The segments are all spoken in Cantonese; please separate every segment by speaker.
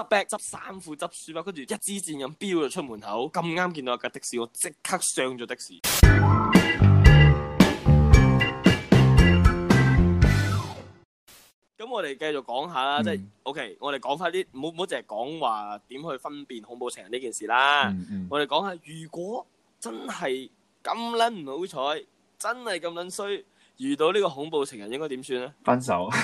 Speaker 1: 執包、執衫褲、執書包，跟住一支箭咁飆咗出門口。咁啱見到有架的士，我即刻上咗的士。咁、嗯、我哋繼續講下啦，嗯、即係 OK，我哋講翻啲，唔好唔好淨係講話點去分辨恐怖情人呢件事啦。嗯嗯、我哋講下，如果真係咁撚唔好彩，真係咁撚衰，遇到呢個恐怖情人，應該點算咧？
Speaker 2: 分手。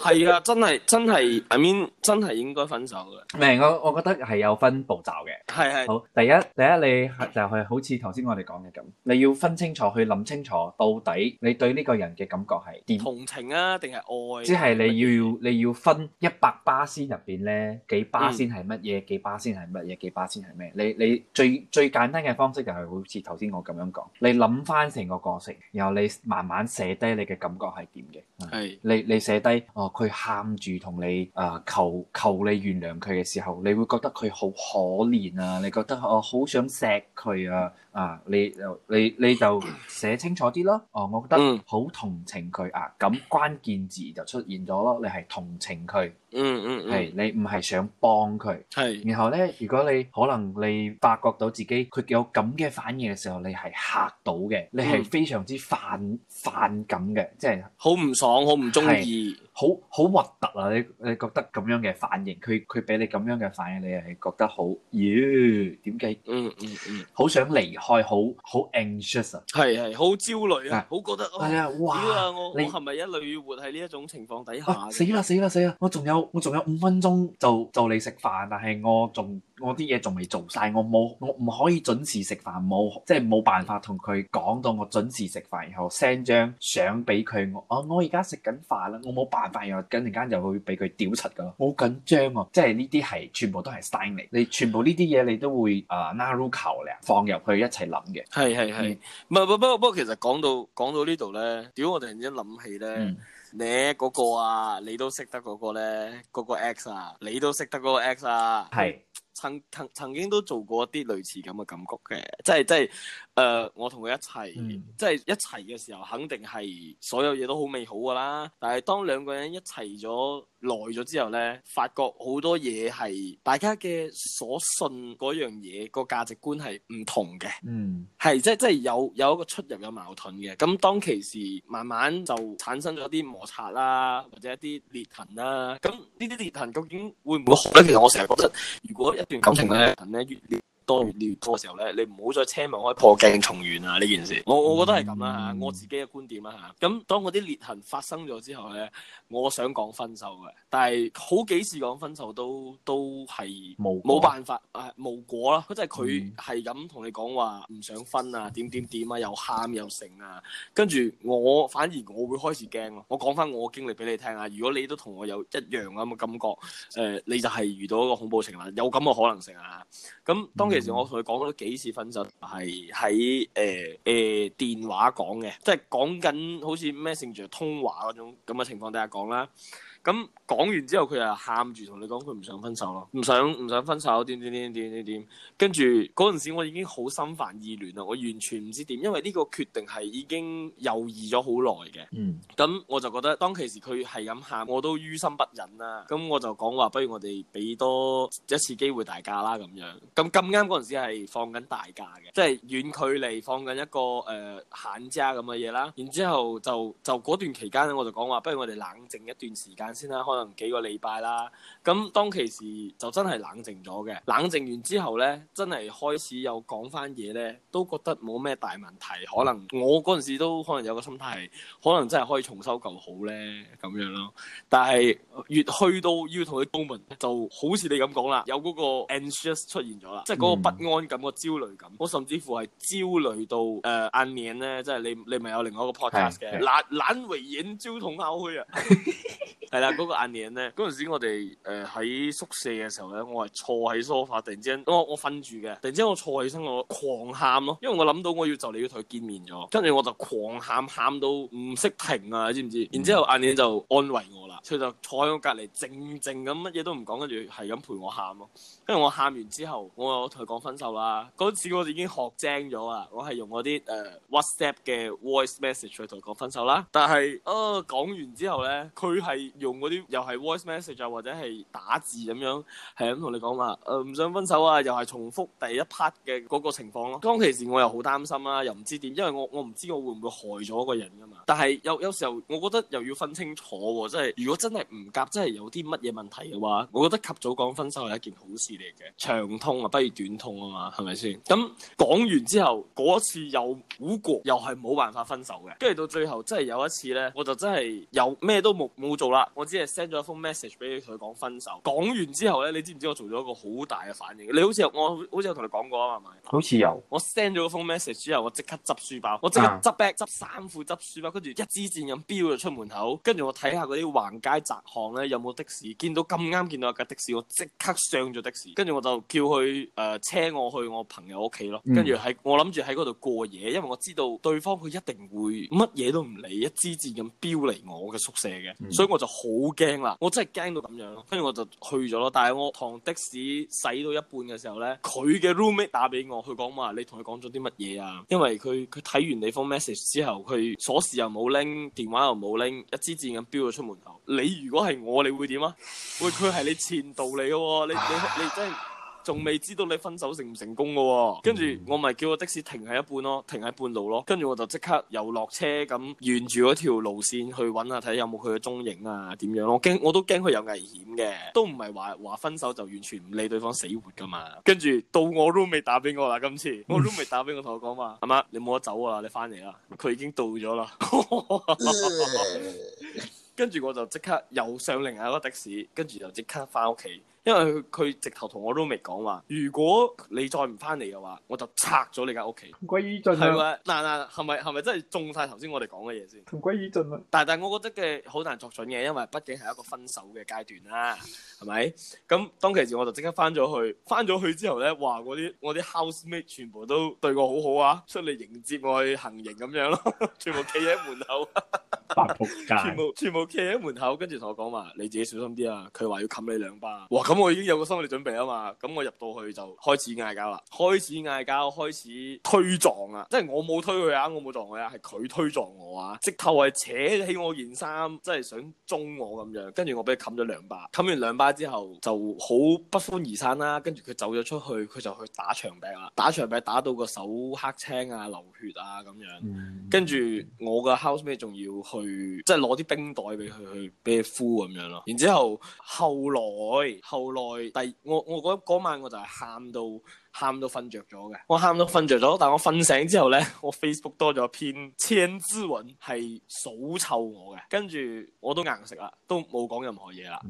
Speaker 1: 係啊，真係真係，I mean, 真係
Speaker 2: 應該分手嘅。明，我我覺得係有分步驟嘅。係係的好，第一第一你就係好似頭先我哋講嘅咁，你要分清楚去諗清楚，到底你對呢個人嘅感覺係點？同情啊，定係愛啊？即係你要要麼你要分一百巴仙入邊咧，幾巴仙係乜嘢？幾巴仙係乜嘢？幾巴仙係咩？你你最最簡單嘅方式就係好似頭先我咁樣講，你諗翻成個過程，然後你慢慢寫低你嘅感覺係點嘅。係的你你寫低哦。佢喊住同你啊、呃、求求你原諒佢嘅時候，你會覺得佢好可憐啊！你覺得我好、哦、想錫佢啊！啊，你你你就寫清楚啲咯。哦，我覺得好同情佢啊。咁關鍵字就出現咗咯。你係同情佢。嗯嗯係你唔係想幫佢，係然後咧，如果你可能你發覺到自己佢有咁嘅反應嘅時候，你係嚇到嘅，你係非常之反反感嘅，即係好唔爽，好唔中意，好好核突啊！你你覺得咁樣嘅反應，佢佢俾你咁樣嘅反應，你係覺得好，咦？點解？嗯嗯嗯，好想離開，好好 anxious 啊，係係好焦慮啊，好覺得係啊，哇！我我係咪一 l 活喺呢一種情況底下？死啦死啦死啦！我仲有。我仲有五分鐘就就嚟食飯，但係我仲我啲嘢仲未做晒，我冇我唔可以準時食飯，冇即係冇辦法同佢講到我準時食飯，然後 send 張相俾佢我。啊，我而家食緊飯啦，我冇辦法，又緊，突然間又會俾佢屌柒噶，好緊張啊！即係呢啲係全部都係 stress 嚟，你全部呢啲嘢你都會啊、呃、narrow 球放入去一齊諗嘅。係係係，
Speaker 1: 唔唔、嗯、不過不過其實講到講到呢度咧，屌我突然間諗起咧。嗯你嗰個啊，你都識得嗰個咧，嗰個 X 啊，你都識得嗰個 X 啊，係，曾曾曾經都做過啲類似咁嘅感覺嘅，即係即係。誒、呃，我同佢一齊，嗯、即係一齊嘅時候，肯定係所有嘢都好美好㗎啦。但係當兩個人一齊咗耐咗之後呢，發覺好多嘢係大家嘅所信嗰樣嘢個價值觀係唔同嘅，嗯，係即係即係有有一個出入有矛盾嘅。咁當其時慢慢就產生咗啲摩擦啦、啊，或者一啲裂痕啦、啊。咁呢啲裂痕究竟會唔會好咧？其實我成日覺得，如果一段感情咧，咧越嚟多裂波嘅時候咧，你唔好再奢望可以破鏡重圓啊！呢件事，我我覺得係咁啦嚇，我自己嘅觀點啦嚇。咁當嗰啲裂痕發生咗之後咧，我想講分手嘅，但係好幾次講分手都都係冇冇辦法，誒無果啦。即係佢係咁同你講話唔想分啊，點點點啊，又喊又剩啊，跟住我反而我會開始驚喎。我講翻我嘅經歷俾你聽啊，如果你都同我有一樣咁嘅感覺，誒你就係遇到一個恐怖情人，有咁嘅可能性啊！咁當其。其實我同佢講咗幾次分手，係喺誒誒電話講嘅，即係講緊好似 message 通話嗰種咁嘅情況，底下講啦。咁講完之後，佢又喊住同你講，佢唔想分手咯，唔想唔想分手，點點點點點點，跟住嗰陣時，我已經好心煩意亂啊！我完全唔知點，因為呢個決定係已經猶豫咗好耐嘅。嗯，咁我就覺得當其時佢係咁喊，我都於心不忍啦。咁我就講話，不如我哋俾多一次機會大家啦，咁樣。咁咁啱嗰陣時係放緊大假嘅，即係遠距離放緊一個誒閒渣咁嘅嘢啦。然之後就就嗰段期間咧，我就講話，不如我哋冷靜一段時間。先啦，可能幾個禮拜啦。咁當其時就真係冷靜咗嘅，冷靜完之後呢，真係開始有講翻嘢呢，都覺得冇咩大問題。可能我嗰陣時都可能有個心態可能真係可以重修舊好呢，咁樣咯。但係越去到要同佢 moment 就好似你咁講啦，有嗰個 anxious 出現咗啦，即係嗰個不安感、個焦慮感，我甚至乎係焦慮到誒眼面呢，即係你你咪有另外一個 podcast 嘅攬攬尾影焦同口去啊！ 係啦，嗰、嗰個阿年咧，嗰陣時我哋誒喺宿舍嘅時候咧，我係坐喺梳化。突然之間，我我瞓住嘅，突然之間我坐起身，我狂喊咯，因為我諗到我要就嚟要同佢見面咗，跟住我就狂喊喊到唔識停啊，你知唔知？然之後阿年就安慰我啦，佢就坐喺我隔離靜靜咁乜嘢都唔講，跟住係咁陪我喊咯。跟住我喊完之後，我我同佢講分手啦。嗰次我哋已經學精咗啦，我係用我啲誒 WhatsApp 嘅 voice message 去同佢講分手啦。但係啊、呃、講完之後咧，佢係，用嗰啲又係 voice message 啊，或者係打字咁樣，係咁同你講話，誒、呃、唔想分手啊，又係重複第一 part 嘅嗰個情況咯、啊。當其時我又好擔心啦、啊，又唔知點，因為我我唔知我會唔會害咗一個人噶嘛。但係有有時候我覺得又要分清楚喎、啊，即、就、係、是、如果真係唔夾，真係有啲乜嘢問題嘅話，我覺得及早講分手係一件好事嚟嘅，長痛啊不如短痛啊嘛，係咪先？咁講完之後嗰次又估過，又係冇辦法分手嘅，跟住到最後真係有一次呢，我就真係有咩都冇冇做啦。我只係 send 咗一封 message 俾佢講分手，講完之後咧，你知唔知我做咗一個好大嘅反應？你好似我，好似有同你講過啊嘛，好似有。我 send 咗封 message 之後，我即刻執書包，我即刻執 back 執衫褲執書包，跟住一支箭咁飆咗出門口，跟住我睇下嗰啲橫街窄巷咧有冇的士，見到咁啱見到架的士，我即刻上咗的士，跟住我就叫佢誒、呃、車我去我朋友屋企咯，跟住喺我諗住喺嗰度過夜，因為我知道對方佢一定會乜嘢都唔理，一支箭咁飆嚟我嘅宿舍嘅，嗯、所以我就。好驚啦！我真係驚到咁樣咯，跟住我就去咗咯。但係我同的士駛到一半嘅時候呢，佢嘅 roommate 打俾我，佢講話你同佢講咗啲乜嘢啊？因為佢佢睇完你封 message 之後，佢鎖匙又冇拎，電話又冇拎，一支箭咁飆咗出門口。你如果係我，你會點啊？喂，佢係你前度嚟嘅喎，你你你真係～仲未知道你分手成唔成功噶喎、哦，跟住我咪叫個的士停喺一半咯，停喺半路咯，跟住我就即刻又落車，咁沿住嗰條路線去揾下睇有冇佢嘅蹤影啊，點樣咯？驚我，我都驚佢有危險嘅，都唔係話話分手就完全唔理對方死活噶嘛。跟住到我 roommate 打畀我啦，今次我 roommate 打俾我，同我講話，阿 媽你冇得走啊，你翻嚟啦，佢已經到咗啦，跟住我就即刻又上另外個的士，跟住就即刻翻屋企。因為佢直頭同我都未講話，如果你再唔翻嚟嘅話，我就拆咗你間屋企。
Speaker 2: 同歸於盡啊！
Speaker 1: 嗱嗱，係咪係咪真係中晒頭先我哋講嘅嘢先？
Speaker 2: 同歸於盡啊！
Speaker 1: 但但我覺得嘅好難作準嘅，因為畢竟係一個分手嘅階段啦、啊，係咪？咁當其時我就即刻翻咗去，翻咗去之後咧，話我啲我啲 housemate 全部都對我好好啊，出嚟迎接我去行刑咁樣咯、啊，全部企喺門口， 全部 全部企喺門口，跟住同我講話，你自己小心啲啊！佢話要冚你兩巴。咁我已經有個心理準備啊嘛，咁我入到去就開始嗌交啦，開始嗌交，開始推撞啊，即係我冇推佢啊，我冇撞佢啊，係佢推撞我啊，直頭係扯起我件衫，即係想中我咁樣，跟住我俾佢冚咗兩巴，冚完兩巴之後就好不歡而散啦、啊，跟住佢走咗出去，佢就去打牆壁啦，打牆壁打到個手黑青啊，流血啊咁樣，跟住我嘅 housemate 仲要去即係攞啲冰袋俾佢去俾佢敷咁樣咯，然之後後來好耐，第我我覺得嗰晚我就係喊到喊都瞓着咗嘅，我喊都瞓着咗，但係我瞓醒之後呢，我 Facebook 多咗篇千字文係數臭我嘅，跟住我都硬食啦，都冇講任何嘢啦。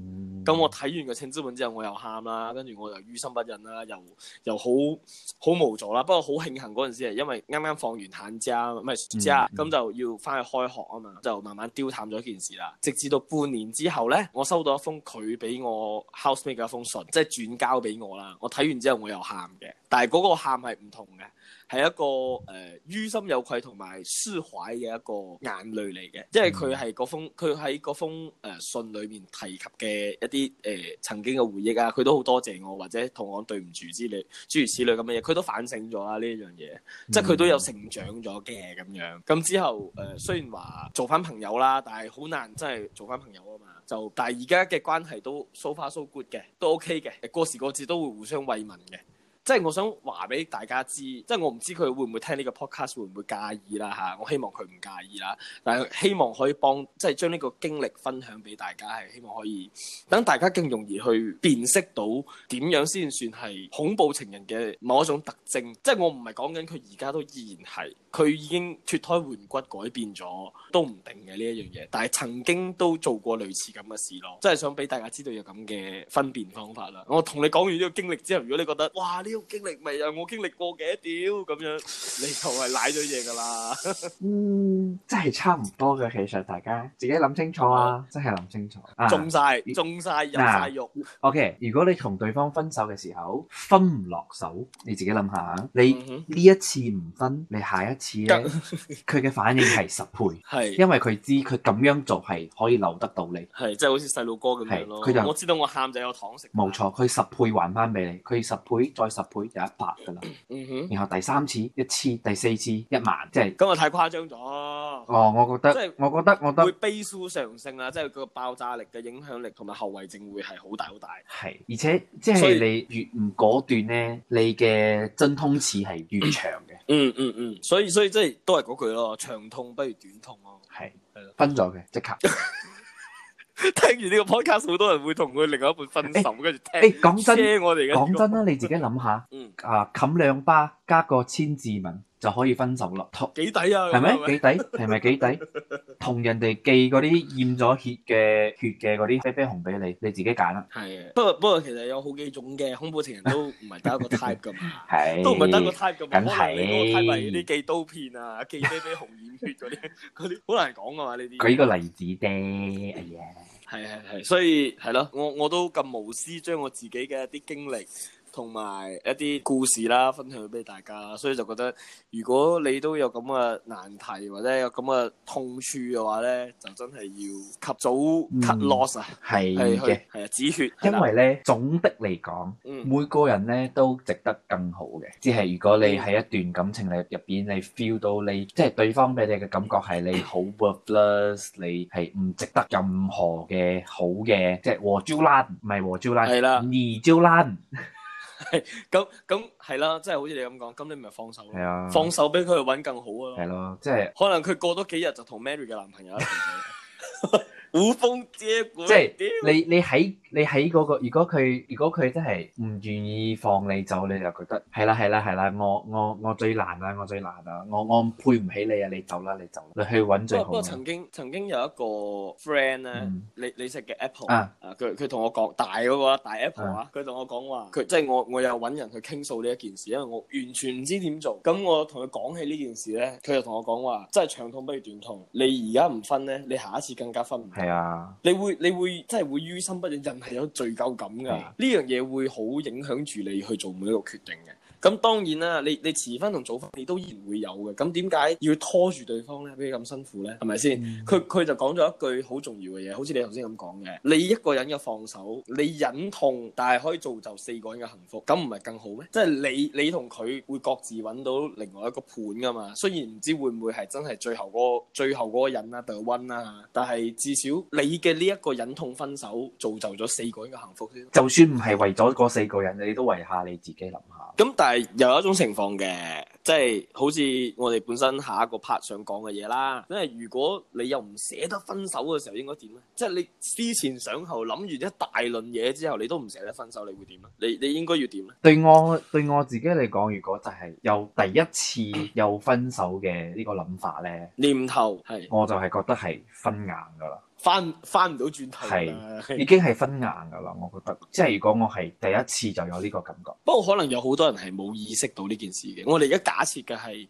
Speaker 1: 咁我睇完個千字文之後，我又喊啦，跟住我又於心不忍啦，又又好好無助啦。不過好慶幸嗰陣時係因為啱啱放完寒假，唔係暑假，咁就要翻去開學啊嘛，就慢慢丟淡咗件事啦。直至到半年之後呢，我收到一封佢俾我 housemate 嘅一封信，即係轉交俾我啦。我睇完之後我又喊嘅。但係嗰個喊係唔同嘅，係一個誒、呃、於心有愧同埋抒懷嘅一個眼淚嚟嘅，因為佢係嗰封佢喺嗰封誒信裏面提及嘅一啲誒、呃、曾經嘅回憶啊，佢都好多謝我或者同我對唔住之類諸如此類咁嘅嘢，佢都反省咗啦呢一樣嘢，嗯、即係佢都有成長咗嘅咁樣。咁之後誒、呃、雖然話做翻朋友啦，但係好難真係做翻朋友啊嘛。就但係而家嘅關係都 so far so good 嘅，都 OK 嘅，過時過節都會互相慰問嘅。即係我想話俾大家知，即係我唔知佢會唔會聽呢個 podcast 會唔會介意啦吓、啊，我希望佢唔介意啦，但係希望可以幫，即係將呢個經歷分享俾大家，係希望可以等大家更容易去辨識到點樣先算係恐怖情人嘅某一種特徵，即係我唔係講緊佢而家都依然係，佢已經脫胎換骨改變咗都唔定嘅呢一樣嘢，但係曾經都做過類似咁嘅事咯。即係想俾大家知道有咁嘅分辨方法啦。我同你講完呢個經歷之後，如果你覺得哇呢個～經歷未啊？我經歷過嘅屌咁樣，你就係賴咗嘢噶啦。
Speaker 2: 真係差唔多嘅，其實大家自己諗清楚啊！啊，真係諗清楚、啊，中
Speaker 1: 晒了，啊、中晒，入晒肉。
Speaker 2: 啊、o、okay, K，如果你同對方分手嘅時候分唔落手，你自己諗下、啊，你呢一次唔分，你下一次佢嘅、嗯、哼反應係十倍，係 是，因為佢知佢咁樣做係可以留得到你，
Speaker 1: 係，即係好似細路哥咁樣咯。佢就我知道我喊就有糖食，冇
Speaker 2: 錯，佢十倍還翻俾你，佢十倍再十倍就一百噶啦，嗯、哼然後第三次一次，第四次一萬，即係，咁啊太誇
Speaker 1: 張咗。哦，
Speaker 2: 我覺得即係我覺得，我覺得會
Speaker 1: 飛速上升啦，即係佢個爆炸力嘅影響力同埋後遺症會係好大好大。
Speaker 2: 係，而且即係你越唔果斷咧，你嘅陣痛期係越長嘅。嗯
Speaker 1: 嗯嗯，所以所以即係都係嗰句咯，長痛不如短痛咯。係，
Speaker 2: 分咗嘅即刻。
Speaker 1: 聽完呢個 Podcast，好多人會同佢另外一半分手，跟住聽。誒講真，講真
Speaker 2: 啦，你自己諗下。嗯。啊，冚兩巴加個千字文。就可以分手啦，幾抵啊？係咪？幾抵？係咪幾抵？同人哋寄嗰啲染咗血嘅血嘅嗰啲飛飛熊俾你，你自己揀啦。係
Speaker 1: 啊，不過不過其實有好幾種嘅恐怖情人都唔係得一個 type 噶嘛，都唔係得個 type 噶嘛，可能你個 type 係嗰啲寄刀片啊，寄飛飛熊染血嗰啲，嗰啲好難講噶嘛呢啲。舉個例
Speaker 2: 子啫，係啊，係係
Speaker 1: 係，所以係咯，我我都咁無私，將我自己嘅一啲經歷。同埋一啲故事啦，分享俾大家，所以就覺得如果你都有咁嘅難題或者有咁嘅痛處嘅話咧，就
Speaker 2: 真係要及早 cut loss 啊，係嘅，係啊，止血。因為咧，總的嚟講，每個人咧都值得更好嘅。只係如果你喺一段感情裏入邊，你 feel 到你即係對方俾你嘅感覺係你好 worthless，你係唔值得任何嘅好嘅，即係和焦爛，唔係和焦爛，係啦，二焦爛。
Speaker 1: 係咁咁係啦，即係好似你咁講，咁你咪放手咯，啊、放手俾佢去搵更好嘅咯，係咯、啊、即、就、係、是、可能佢過多幾日就同 Mary 嘅男朋友一齊睇
Speaker 2: 無風遮，即係、就是、你你喺。你喺嗰個，如果佢如果佢真係唔願意放你走，你就覺得係啦係啦係啦，我我我最難啦，我最難啦，我我配唔起你啊，你走啦你走，你去揾最好。不過曾
Speaker 1: 經曾經有一個 friend 咧，你你食嘅 apple 啊、um，佢佢同我講大嗰個大 apple 啊、uh，佢同我講話，佢即係我我有揾人去傾訴呢一件事，因為我完全唔知點做。咁我同佢講起呢件事咧，佢就同我講話，真係長痛不如短痛，你而家唔分咧，你下一次更加分唔。係啊的，你會你會你真係會於心不忍。聊天係有罪疚感㗎，呢樣嘢會好影響住你去做每一個決定嘅。咁當然啦，你你遲分同早分你都依然會有嘅。咁點解要拖住對方咧？俾佢咁辛苦咧？係咪先？佢佢、嗯、就講咗一句好重要嘅嘢，好似你頭先咁講嘅。你一個人嘅放手，你忍痛，但係可以造就四個人嘅幸福，咁唔係更好咩？即、就、係、是、你你同佢會各自揾到另外一個伴噶嘛？雖然唔知會唔會係真係最後嗰、那個、最後嗰個人啊，the one 啊，但係至少你嘅呢一個忍痛分手，造就咗四個人嘅幸福先。
Speaker 2: 就算唔係為咗嗰四個人，你都為下你自己諗下。咁但係係又有一種情況嘅，即係
Speaker 1: 好似我哋本身下一個 part 想講嘅嘢啦。咁係如果你又唔捨得分手嘅時候，應該點呢？即係你思前想後，諗完一大輪嘢之後，你都唔捨得分手，你會點咧？你你應該要點呢？
Speaker 2: 對我對我自己嚟講，如果就係有第一次有分手嘅呢個諗法呢，念頭係，我就係覺得係分硬噶啦。
Speaker 1: 翻翻唔到轉頭了，是是已經係
Speaker 2: 分硬㗎喇，我覺得。即係如果我係第一次就有呢個感覺，
Speaker 1: 不過可能有好多人係冇意識到呢件事嘅。我哋而家假設嘅係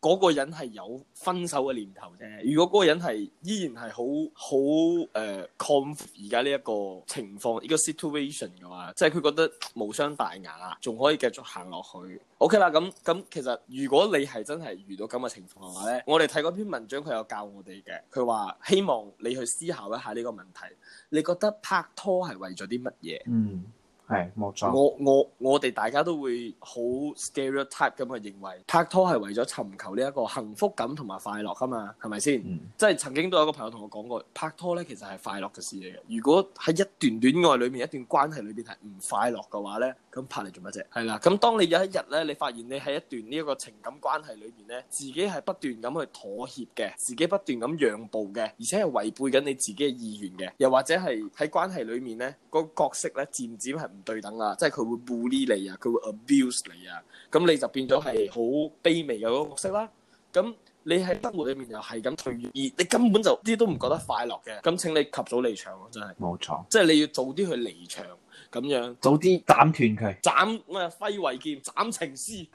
Speaker 1: 嗰個人係有分手嘅念頭啫。如果嗰個人係依然係好好誒 comfortable 而家呢一個情況呢，呢個 situation 嘅話，即係佢覺得無傷大雅，仲可以繼續行落去。OK 啦，咁咁其實如果你係真係遇到咁嘅情況嘅話咧，我哋睇嗰篇文章，佢有教我哋嘅，佢話希望你去思考一下呢個問題，你覺得拍拖係為咗啲乜嘢？嗯
Speaker 2: 係，冇錯。我
Speaker 1: 我我哋大家都會好 stereotype 咁去認為，拍拖係為咗尋求呢一個幸福感同埋快樂㗎嘛，係咪先？嗯、即係曾經都有個朋友同我講過，拍拖呢其實係快樂嘅事嚟嘅。如果喺一段戀愛裏面、一段關係裏面係唔快樂嘅話呢，咁拍嚟做乜啫？係啦，咁當你有一日呢，你發現你喺一段呢一個情感關係裏面呢，自己係不斷咁去妥協嘅，自己不斷咁讓步嘅，而且係違背緊你自己嘅意願嘅，又或者係喺關係裏面呢，個角色呢漸漸係。對等啦，即係佢會 bully 你啊，佢會 abuse 你啊，咁你就變咗係好卑微嘅嗰個角色啦。咁你喺生活裡面又係咁隨遇而，你根本就啲都唔覺得快樂嘅。咁請你及早離場，真係冇錯，即係你要早啲去離場咁樣，早
Speaker 2: 啲斬斷佢，
Speaker 1: 斬我係揮慧劍斬情絲。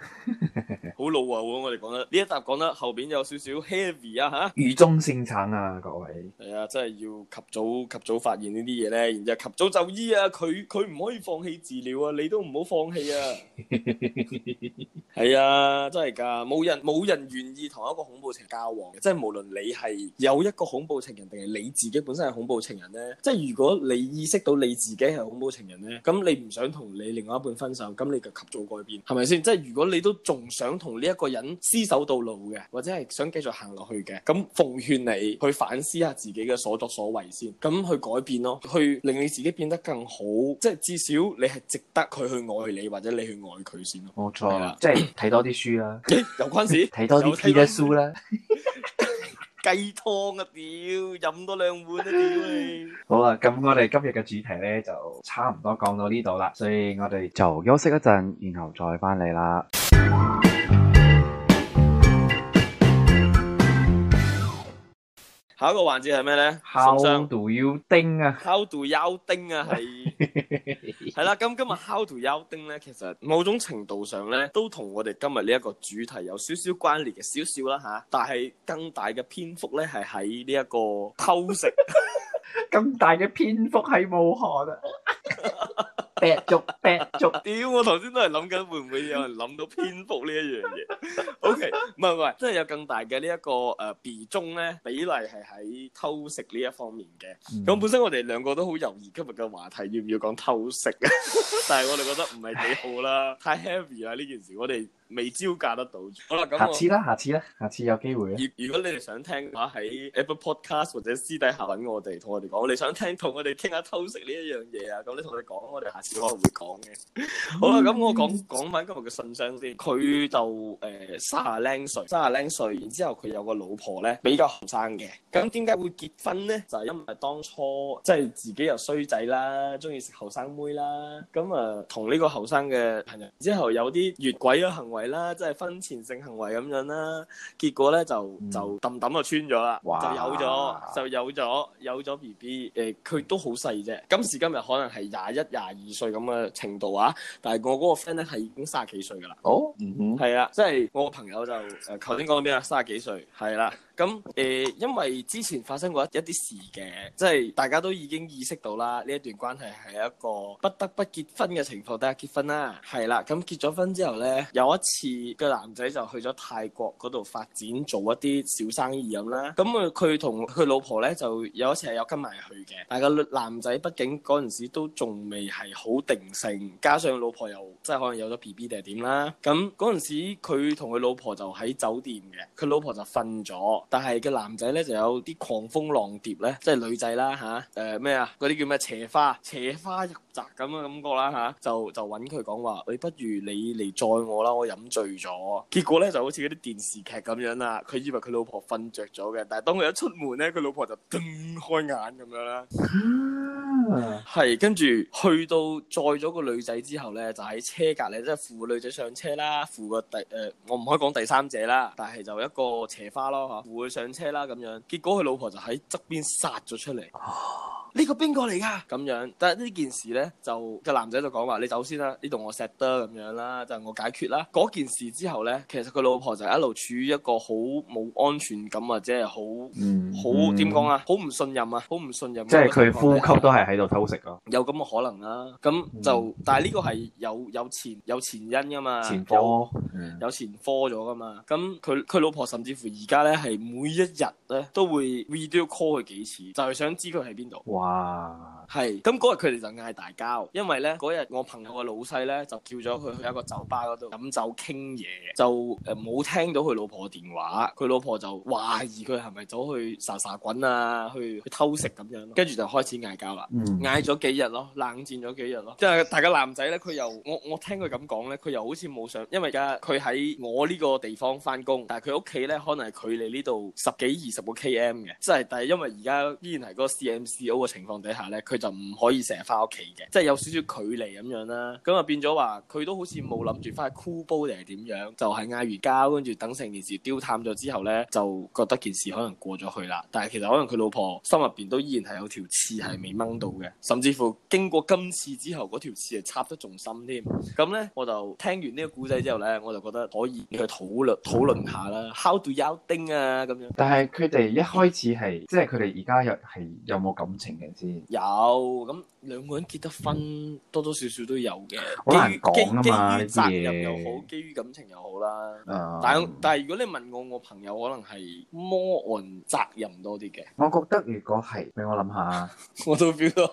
Speaker 1: 好露喉，我哋講得呢一集講得後邊有少少 heavy 啊吓，
Speaker 2: 語重心長啊各位，係啊，
Speaker 1: 真係要及早及早發現呢啲嘢咧，然後及早就醫啊，佢佢唔可以放棄治療啊，你都唔好放棄啊，係 啊，真係噶，冇人冇人願意同一個恐怖情人交往，即係無論你係有一個恐怖情人，定係你自己本身係恐怖情人咧，即係如果你意識到你自己係恐怖情人咧，咁你唔想同你另外一半分手，咁你就及早改變，係咪先？即係如果你都仲想同，呢一個人廝守到老嘅，或者係想繼續行落去嘅，咁奉勸你去反思下自己嘅所作所為先，咁去改變咯，去令你自己變得更好，即係至少你係值得佢去愛你，或者你去愛佢先咯。
Speaker 2: 冇錯錯，了即係睇多啲書啦，有關事？睇多啲 P 書 S 書啦， 啊，雞湯啊屌，飲多兩碗啊 好啊，咁我哋今日嘅主題呢，就差唔多講到呢度啦，所以我哋就休息一陣，然後再翻嚟啦。
Speaker 1: 下一個環節係咩呢？
Speaker 2: How do you 丁啊
Speaker 1: ？How do you 丁啊？係係啦，咁今日 How do you 丁呢 ？Think? 其實某種程度上呢，都同我哋今日呢一個主題有少少關聯嘅，少少啦吓。但係更大嘅篇幅呢，係喺呢一個偷食。
Speaker 2: 咁 大嘅篇幅係武漢啊！ 白族、白族， 屌！我
Speaker 1: 頭先都係諗緊會唔會有人諗到蝙蝠呢一樣嘢。 OK，唔係唔係，真係有更大嘅、這個呃、呢一個誒比重呢比例係喺偷食呢一方面嘅。咁、嗯、本身我哋兩個都好猶豫，今日嘅話題要唔要講偷食啊？ 但係我哋覺得唔係幾好啦， 太 heavy 啦呢件事，我哋。未招架得到。好啦，咁下次啦，下
Speaker 2: 次啦，下次有機會咧。
Speaker 1: 如如果你哋想聽嘅話，喺 Apple Podcast 或者私底下揾我哋，同我哋講，我哋想聽同我哋傾下偷食呢一樣嘢啊。咁你同我哋講，我哋下次可能會講嘅。好啦， 咁我講講翻今日嘅信箱先。佢就誒卅啊零歲，卅啊零歲，然之後佢有個老婆咧，比較後生嘅。咁點解會結婚咧？就係、是、因為當初即係、就是、自己又衰仔啦，中意食後生妹啦。咁啊，同、呃、呢個後生嘅朋友，然之後有啲越軌嘅行為。係啦，即係婚前性行為咁樣啦，結果咧就、嗯、就揼揼就穿咗啦哇，就有咗就有咗有咗 B B，誒、呃、佢都好細啫，今時今日可能係廿一廿二歲咁嘅程度啊，但係我嗰個 friend 咧係已經卅幾歲噶、哦嗯、啦，哦，係啊，即係我個朋友就誒頭先講到咩？啊、呃，卅幾歲，係啦。咁誒、呃，因為之前發生過一啲事嘅，即係大家都已經意識到啦，呢一段關係係一個不得不結婚嘅情況底下結婚啦，係啦。咁結咗婚之後呢，有一次個男仔就去咗泰國嗰度發展，做一啲小生意咁啦。咁佢同佢老婆呢，就有一次係有跟埋去嘅，但係個男仔畢竟嗰陣時都仲未係好定性，加上老婆又即係可能有咗 B B 定係點啦。咁嗰陣時佢同佢老婆就喺酒店嘅，佢老婆就瞓咗。但係個男仔咧就有啲狂蜂浪蝶咧，即係女仔啦吓，誒咩啊嗰啲、呃、叫咩斜花，斜花入宅咁嘅感覺啦吓、啊，就就揾佢講話，你不如你嚟載我啦，我飲醉咗。結果咧就好似嗰啲電視劇咁樣啦，佢以為佢老婆瞓着咗嘅，但係當佢一出門咧，佢老婆就瞪開眼咁樣啦。 係，跟住去到載咗個女仔之後呢，就喺車隔離，即係扶女仔上車啦，扶個第誒、呃，我唔可以講第三者啦，但係就一個斜花咯嗬，扶佢上車啦咁樣，結果佢老婆就喺側邊殺咗出嚟。哦，呢個邊個嚟㗎？咁樣，但係呢件事呢，就個男仔就講話：你走先啦，呢度我錫得咁樣啦，就我解決啦。嗰件事之後呢，其實佢老婆就一路處於一個好冇安全感或者係好，好、嗯嗯、點講啊？好唔信任啊，好唔信任。即係佢呼吸都
Speaker 2: 係喺度。 偷食啊！嗯、
Speaker 1: 個有咁嘅可能啦，咁就但係呢個係有有前有前因噶嘛，有有前科咗噶嘛，咁佢佢老婆甚至乎而家呢，係每一日咧都會 video call 佢幾次，就係、是想知佢喺邊度。哇！係咁嗰日佢哋就嗌大交，因為呢嗰日我朋友嘅老細呢，就叫咗佢去一個酒吧嗰度飲酒傾嘢，就誒冇、呃、聽到佢老婆電話，佢老婆就懷疑佢係咪走去撒撒滾啊，去去偷食咁樣、啊，跟住就開始嗌交啦。嗯嗌咗幾日咯，冷戰咗幾日咯，即係大家男仔咧，佢又我我聽佢咁講咧，佢又好似冇想。因為而家佢喺我呢個地方翻工，但係佢屋企咧可能係距離呢度十幾二十個 km 嘅，即係但係因為而家依然係個 CMCO 嘅情況底下咧，佢就唔可以成日翻屋企嘅，即係有少少距離咁樣啦，咁啊變咗話佢都好似冇諗住翻去箍煲定係點樣，就係嗌完交跟住等成件事丟淡咗之後咧，就覺得件事可能過咗去啦。但係其實可能佢老婆心入邊都依然係有條刺係未掹到。甚至乎經過今次之後，嗰條刺係插得仲深添。咁咧，我就聽完呢個故仔之後咧，我就覺得可以去討論討論下啦。How do you think 啊咁樣？但係佢哋一開
Speaker 2: 始係，即係佢哋而家又係有冇感情嘅先？
Speaker 1: 有咁兩個人結得婚，多多少少都有嘅。好難講啊嘛，呢基於責任又好，基於感情又好啦。但係但係如果你問我，我朋友可能係魔案責任多啲嘅。
Speaker 2: 我覺得如果係俾我諗下，我都 feel 到。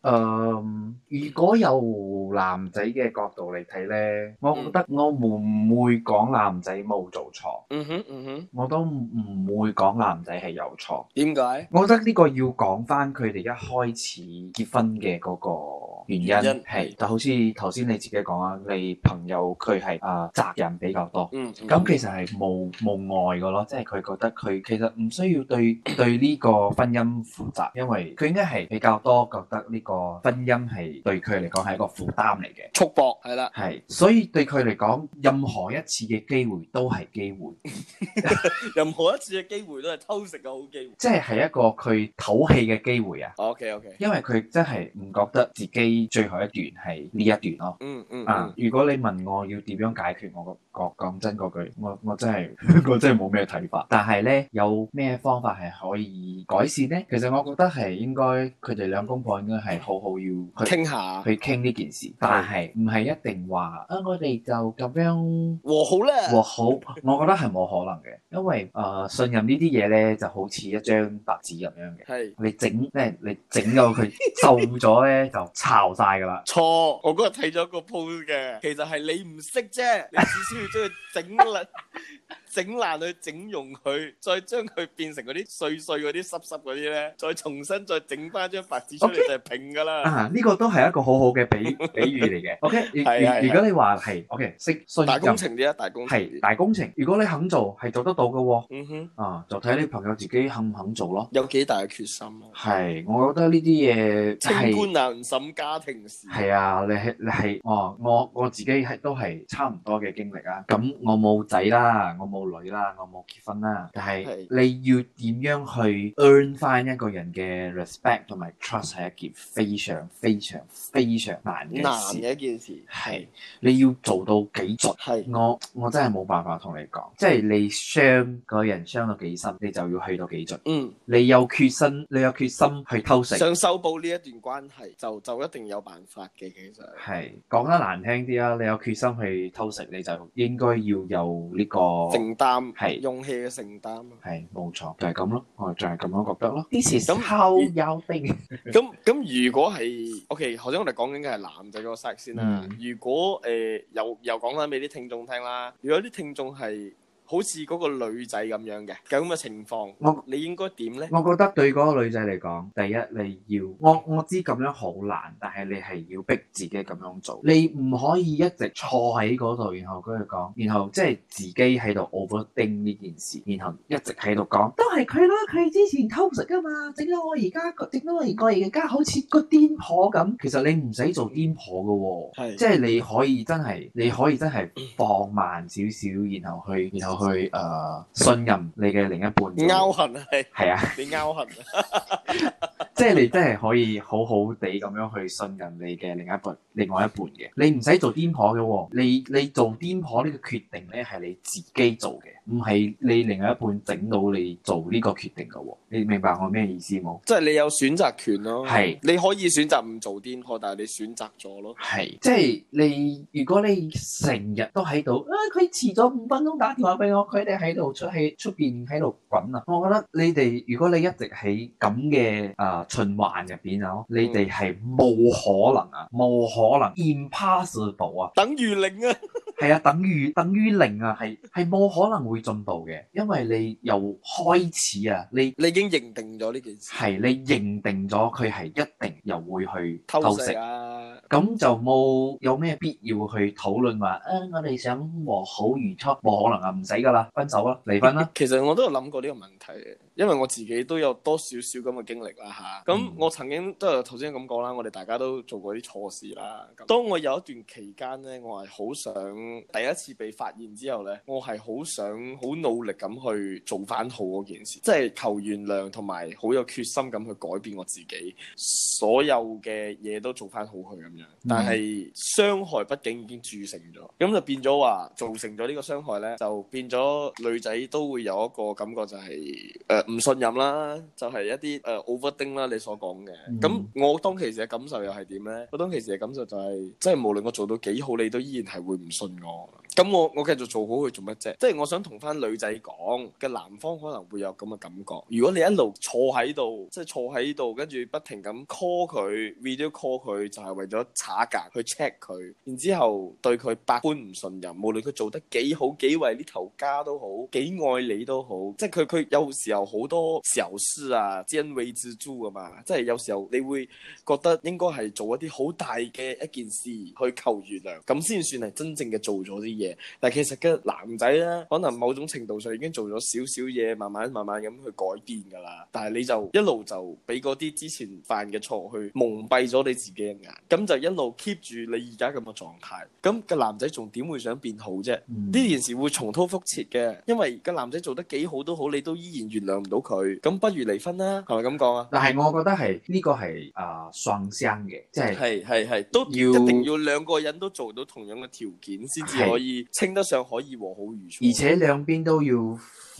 Speaker 2: 誒，um, 如果由男仔嘅角度嚟睇呢，我覺得我唔會講男仔冇做錯，嗯哼，嗯哼，我都唔會講男仔係有錯。點解？我覺得呢個要講翻佢哋一開始結婚嘅嗰個原因係，就因好似頭先你自己講啊，你朋友佢係誒責任比較多，嗯，咁、嗯、其實係冇冇愛嘅咯，即係佢覺得佢其實唔需要對 對呢個婚姻負責，因為佢應該係比較多覺得呢、這個。個婚姻係對佢嚟講係一個負擔嚟嘅束縛，係啦，係，所以對佢嚟講，任何一次嘅機會都係機會，
Speaker 1: 任何一次嘅機會都係偷食嘅好機會，即係係一個
Speaker 2: 佢唞氣嘅機會啊。O K O K，因為佢真係唔覺得自己最後一段係呢一段咯，啊嗯。嗯嗯，啊，如果你問我要點樣解決，我個講真嗰句，我我，我真係我真係冇咩睇法。但係呢，有咩方法係可以改善呢？其實我覺得係應該佢哋兩公婆應該係。好好要去傾下，去傾呢件事，但係唔係一定話啊，我哋就咁樣和好啦，和好，我覺得係冇可能嘅，因為誒、呃、信任呢啲嘢咧，就好似一張白紙咁樣嘅，係是你整咧，你整到佢皺咗咧， 就臭晒噶啦。錯，我嗰日睇
Speaker 1: 咗個 po 嘅，其實係你唔識啫，你只需要將佢整啦。 整爛佢，整容佢，再將佢變成嗰啲碎碎嗰啲濕濕嗰啲咧，再重新再整翻張白紙出嚟就係拼噶啦。啊，呢個都係一
Speaker 2: 個好好嘅比比喻嚟嘅。O K，如如果你話係，O K，識信任。大工程啲啊，大工程係大工程。如果你肯做，係做得到噶喎。嗯哼。啊，就睇你朋友自己肯唔肯做咯。
Speaker 1: 有幾大嘅決心
Speaker 2: 啊？係，我覺得呢啲嘢，清官難審家庭事。係啊，你係你係，我我我自己係都係差唔多嘅經歷啊。咁我冇仔啦，我冇。女啦，我冇結婚啦，但係你要點樣去 earn 翻一個人嘅 respect 同埋 trust 係一件非常非常非常難嘅難嘅一件事。係是你要做到幾盡，係是我我真係冇辦法同你講，即係你傷個人傷到幾深，你就要去到幾盡。嗯，你有決心，你有決心去偷食，想修
Speaker 1: 補呢一段關係，就就一定有辦法嘅。其實
Speaker 2: 係講得難聽啲啦，你有決心去偷食，你就應該要有呢、這個。承擔係勇氣嘅承擔，係冇錯就係、是、咁咯，我就係咁樣覺得咯。啲時有冰，咁
Speaker 1: 咁如果係 OK，頭先我哋講緊嘅係男仔嗰 side 先啦。如果誒、呃、又又講翻俾啲聽眾聽啦，如果啲聽眾係。好似嗰個女仔咁樣嘅咁嘅情況，我你應該點咧？我
Speaker 2: 覺得對嗰個女仔嚟講，第一你要我我知咁樣好難，但係你係要逼自己咁樣做，你唔可以一直坐喺嗰度，然後佢佢講，然後即係自己喺度 overthink 呢件事，然後一直喺度講都係佢啦，佢之前偷食㗎嘛，整到我而家，整到我而家而家好似個癲婆咁。其實你唔使做癲婆嘅喎、哦，即係是你可以真係你可以真係放慢少少，然後去然後去。然後去誒、呃、信任你嘅另一半，勾痕
Speaker 1: 係係啊，你勾痕，
Speaker 2: 啊，即係你真係可以好好地咁樣去信任你嘅另一半，另外一半嘅，你唔使做癲婆嘅喎，你你做癲婆呢個決定咧係你自己做嘅，唔係你另外一半整到你做呢個決定嘅喎、哦，你明白我咩意思冇？即係
Speaker 1: 你有選擇權咯、啊，係你可以選擇唔做癲婆，但係你選擇咗咯，
Speaker 2: 係即係你如果你成日都喺度啊，佢遲咗五分鐘打電話俾。佢哋喺度出去出邊喺度滾啊！我覺得你哋，如果你一直喺咁嘅啊循環入邊、嗯、啊，你哋係冇可能啊，冇可能 impossible 啊等，等於零啊，係啊，等於等於零啊，係係冇可能會進步嘅，因為你又開始啊，你你已經認定咗呢件事，係你認定咗佢係一定又會去偷食偷食啊。咁就冇有咩必要去討論話、啊，我哋想和好如初，冇可能啊，唔使㗎喇，分手啦，離婚啦。 其實我
Speaker 1: 都有諗過呢個問題嘅。因為我自己都有多少少咁嘅經歷啦吓，咁我曾經、嗯、都係頭先咁講啦，我哋大家都做過啲錯事啦。當我有一段期間呢，我係好想第一次被發現之後呢，我係好想好努力咁去做翻好嗰件事，即係求原諒同埋好有決心咁去改變我自己，所有嘅嘢都做翻好佢咁樣。但係、嗯、傷害畢竟已經鑄成咗，咁就變咗話造成咗呢個傷害呢，就變咗女仔都會有一個感覺就係、是呃唔信任啦，就係、是、一啲誒、呃、overding 啦，你所講嘅。咁、嗯、我當其時嘅感受又係點咧？我當其時嘅感受就係、是、即係無論我做到幾好，你都依然係會唔信我。咁我我繼續做好佢做乜啫？即係我想同翻女仔講嘅男方可能會有咁嘅感覺，如果你一路坐喺度，即、就、係、是、坐喺度，跟住不停咁 call 佢，video call 佢，就係、是、為咗查格去 check 佢，然之後對佢百般唔信任。無論佢做得幾好，幾為呢頭家都好，幾愛你都好，即係佢佢有時候好。好多小事啊，真味之珠啊嘛，即係有時候你會覺得應該係做一啲好大嘅一件事去求原諒，咁先算係真正嘅做咗啲嘢。但其實嘅男仔咧，可能某種程度上已經做咗少少嘢，慢慢慢慢咁去改變噶啦。但係你就一路就俾嗰啲之前犯嘅錯去蒙蔽咗你自己嘅眼，咁就一路 keep 住你而家咁嘅狀態，咁個男仔仲點會想變好啫？呢件事會重蹈覆轍嘅，因為個男仔做得幾好都好，你都依然原諒。到佢，咁不如離婚啦，係咪咁講啊？但係我
Speaker 2: 覺得係呢、呢個係啊、呃、雙向嘅，即係係
Speaker 1: 係係，都要一定要兩個人都做到同樣嘅條件，先至可以稱得上可以和好如初，而且
Speaker 2: 兩邊都要。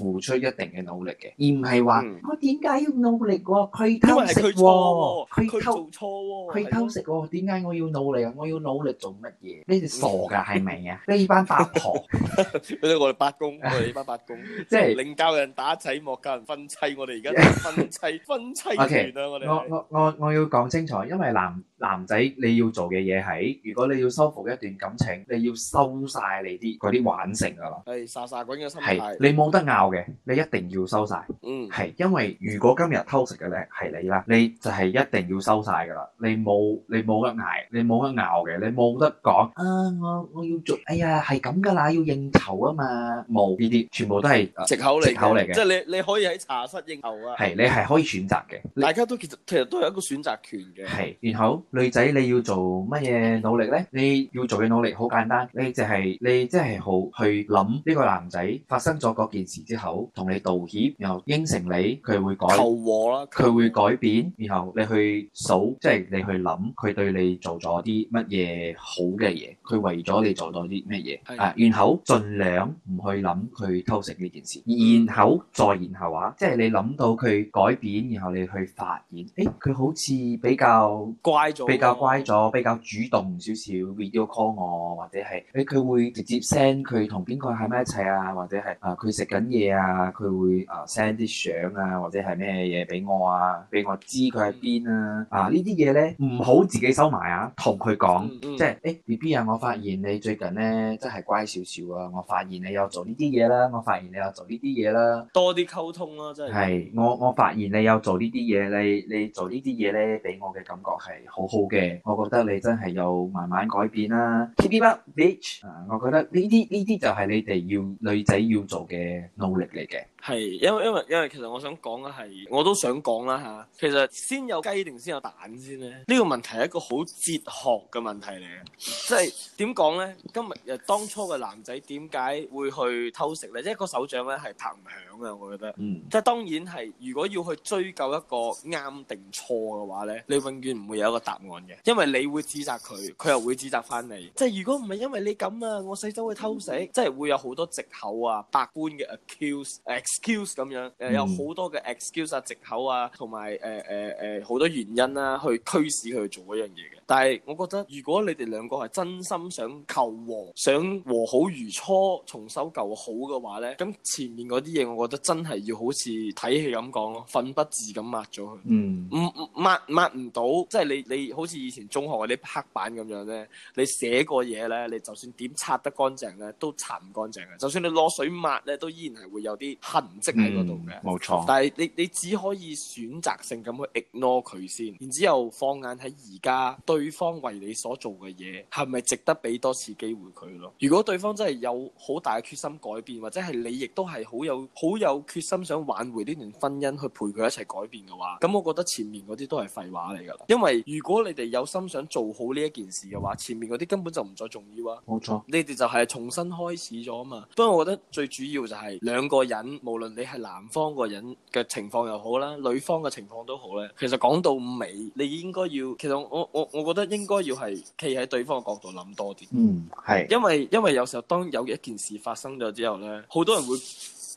Speaker 2: 付出一定嘅努力嘅，而唔係話我點解要努力喎？佢 偷食喎、啊，佢偷做錯喎、啊，佢偷食喎、啊，點解、哎、呀我要努力啊？我要努力做乜嘢？你哋傻㗎係咪啊？呢班 八婆，我哋八公，
Speaker 1: 我哋呢班八公，即係寧教人打仔，莫教人分妻。我哋而家分妻，分妻我
Speaker 2: 我我我我要講清楚，因為男。男仔你要做嘅嘢係，如果你要修復一段感情，你要收晒你啲嗰啲玩性噶啦。係
Speaker 1: 傻傻鬼嘅心態，係你
Speaker 2: 冇得拗嘅，你一定要收晒。嗯，係因為如果今日偷食嘅咧係你啦，你就係一定要收晒噶啦。你冇你冇得拗，你冇得拗嘅，你冇得講啊！我我要做，哎呀係咁噶啦，要應酬啊嘛，冇呢啲全部都係藉口嚟藉口嚟嘅。即係你你可以喺茶室應酬啊。係你係可以選擇嘅，大家都
Speaker 1: 其實其實都有一個選擇權嘅。係然後。女仔
Speaker 2: 你要做乜嘢努力呢？你要做嘅努力好簡單，你就係你即係好去諗呢個男仔發生咗嗰件事之後，同你道歉，然後應承你佢會改，佢會改變，然後你去數，即係你去諗佢對你做咗啲乜嘢好嘅嘢，佢為咗你做咗啲乜嘢，啊，然後儘量唔去諗佢偷食呢件事，然後再然後話，即係你諗到佢改變，然後你去發現，誒，佢好似比較乖。比較乖咗，比較主動少少，video call 我或者係誒佢會直接 send 佢同邊個喺埋一齊啊，或者係啊佢食緊嘢啊，佢會、呃、啊 send 啲相啊或者係咩嘢俾我啊，俾我知佢喺邊啊啊呢啲嘢咧唔好自己收埋啊，同佢講，嗯嗯、即係誒 B B 啊，我發現你最近咧真係乖少少啊，我發現你有做呢啲嘢啦，我發現你有做呢啲嘢啦，多啲溝通啦、啊，真係。係我我發現你有做呢啲嘢，你你做呢啲嘢咧，俾我嘅感覺係好。好嘅，我覺得你真係有慢慢改變啦、啊。Keep it up, bitch 啊，我覺得呢啲呢啲就係你哋要女仔要做嘅努力嚟嘅。
Speaker 1: 係，因為因為因為其實我想講嘅係，我都想講啦吓。其實先有雞定先有蛋先咧？呢個問題係一個好哲學嘅問題嚟嘅，即係點講咧？今日誒當初嘅男仔點解會去偷食咧？即係個手掌咧係拍唔響嘅，我覺得。即係、嗯、當然係，如果要去追究一個啱定錯嘅話咧，你永遠唔會有一個答案嘅，因為你會指責佢，佢又會指責翻你。即係如果唔係因為你咁啊，我細佬會偷食，即係會有好多借口啊、百般嘅 accuse 誒。excuse 咁樣誒，嗯、有好多嘅 excuse 啊、藉口啊，同埋誒誒誒好多原因啦、啊，去驅使佢去做嗰樣嘢嘅。但係我覺得，如果你哋兩個係真心想求和、想和好如初、重修舊好嘅話咧，咁前面嗰啲嘢，我覺得真係要好似睇戲咁講咯，奮不自禁抹咗佢。嗯，唔抹抹唔到，即係你你好似以前中學嗰啲黑板咁樣咧，你寫個嘢咧，你就算點擦得乾淨咧，都擦唔乾淨嘅。就算你攞水抹咧，都依然係會有啲痕跡喺度嘅，冇錯、嗯。但係你你只可以選擇性咁去 ignore 佢先，然之後放眼喺而家，對方為你所做嘅嘢，係咪值得俾多次機會佢咯？如果對方真係有好大嘅決心改變，或者係你亦都係好有好有決心想挽回呢段婚姻，去陪佢一齊改變嘅話，咁我覺得前面嗰啲都係廢話嚟噶啦。因為如果你哋有心想做好呢一件事嘅話，前面嗰啲根本就唔再重要啊錯。冇錯，你哋就係重新開始咗啊嘛。不過我覺得最主要就係兩個人。無論你係男方個人嘅情況又好啦，女方嘅情況都好咧，其實講到尾，你應該要，其實我我我覺得應該要係企喺對方嘅角度諗多啲。嗯，係，因為因為有時候當有一件事發生咗之後咧，好多人會。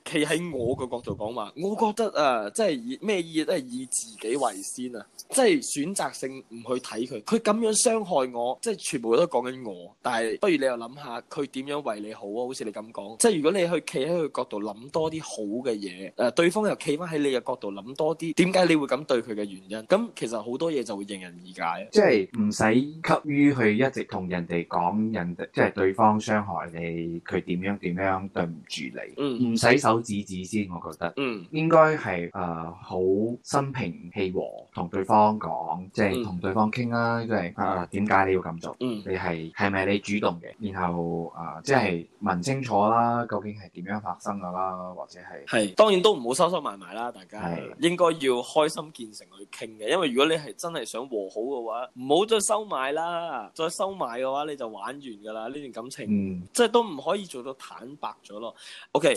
Speaker 1: 企喺我個角度講話，我覺得啊，即係以咩意義都係以自己為先啊！即係選擇性唔去睇佢，佢咁樣傷害我，即係全部都講緊我。但係不如你又諗下，佢點樣為你好啊？好似你咁講，即係如果你去企喺佢角度諗多啲好嘅嘢，誒、呃、對方又企翻喺你嘅角度諗多啲，點解你會咁對佢嘅原因？咁其實好多嘢就會迎刃而解，啊，即係唔使
Speaker 2: 急於去一直同人哋講人哋，即係對方傷害你，佢點樣點樣對唔住你，唔使、嗯手指指先，我覺得應該係誒好心平氣和同對方講，即係同對方傾啦，即係、嗯、啊點解你要咁做？嗯、你係係咪你主動嘅？然後誒、呃、即係問清楚啦，究竟係點樣發生噶啦？或者係係
Speaker 1: 當然都唔好收收埋埋啦，大家係是應該要開心見誠去傾嘅。因為如果你係真係想和好嘅話，唔好再收埋啦，再收埋嘅話你就玩完㗎啦。呢段感情即係、嗯、都唔可以做到坦白咗咯。OK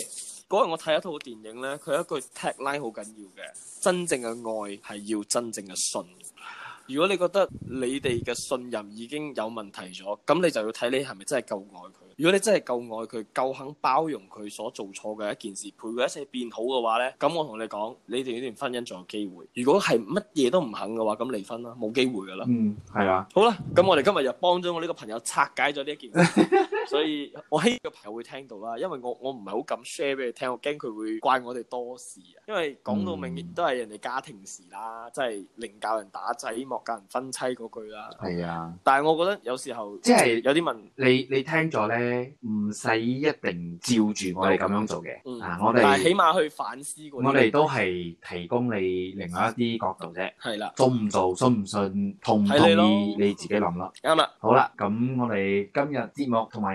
Speaker 1: 因為我睇一套電影呢，佢有一句 tagline 好緊要嘅，真正嘅愛係要真正嘅信。如果你覺得你哋嘅信任已經有問題咗，咁你就要睇你係咪真係夠愛佢。如果你真係夠愛佢，夠肯包容佢所做錯嘅一件事，陪佢一齊變好嘅話呢，咁我同你講，你哋呢段婚姻仲有機會。如果係乜嘢都唔肯嘅話，咁離婚啦，冇機會噶啦。嗯，
Speaker 2: 係啊、嗯。
Speaker 1: 好啦，咁我哋今日就幫咗我呢個朋友拆解咗呢一件事 所以我呢個朋友會聽到啦，因為我我唔係好敢 share 俾你聽，我驚佢會怪我哋多事啊。因為講到明亦都係人哋家庭事啦，即係寧教人打仔，莫教人分妻嗰句啦。
Speaker 2: 係啊，
Speaker 1: 但係我覺得有時候即係
Speaker 2: 有啲問你，你聽咗咧，唔使一定照住我哋咁樣做嘅。嗯，啊，我哋但係起碼
Speaker 1: 去反思。我哋都係
Speaker 2: 提供你另外一啲角度啫。係啦，做唔做？信唔信？同唔同意？你自己諗咯。啱啦。好啦，咁我哋今日節目同埋。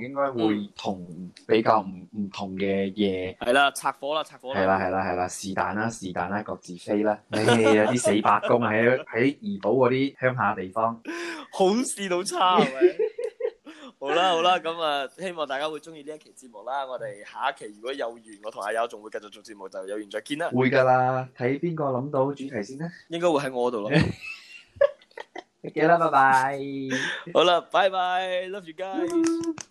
Speaker 2: 應該會同比較唔唔同嘅嘢，係啦，拆夥啦，拆夥啦，係啦，係啦，係啦，是但啦，是但啦，各自飛啦，唉，有啲死伯公喺喺怡保嗰啲鄉下地方，好事到差，係咪？
Speaker 1: 好啦好啦，咁啊，希望大家會中意呢一期節目啦，我哋下一期如果有緣，我同阿友仲會繼續做節目，就有緣再見啦。會㗎啦，
Speaker 2: 睇邊個諗到主題先咧？應該會喺我嗰度咯。OK 啦，拜拜。
Speaker 1: 好啦，拜拜，Love you guys。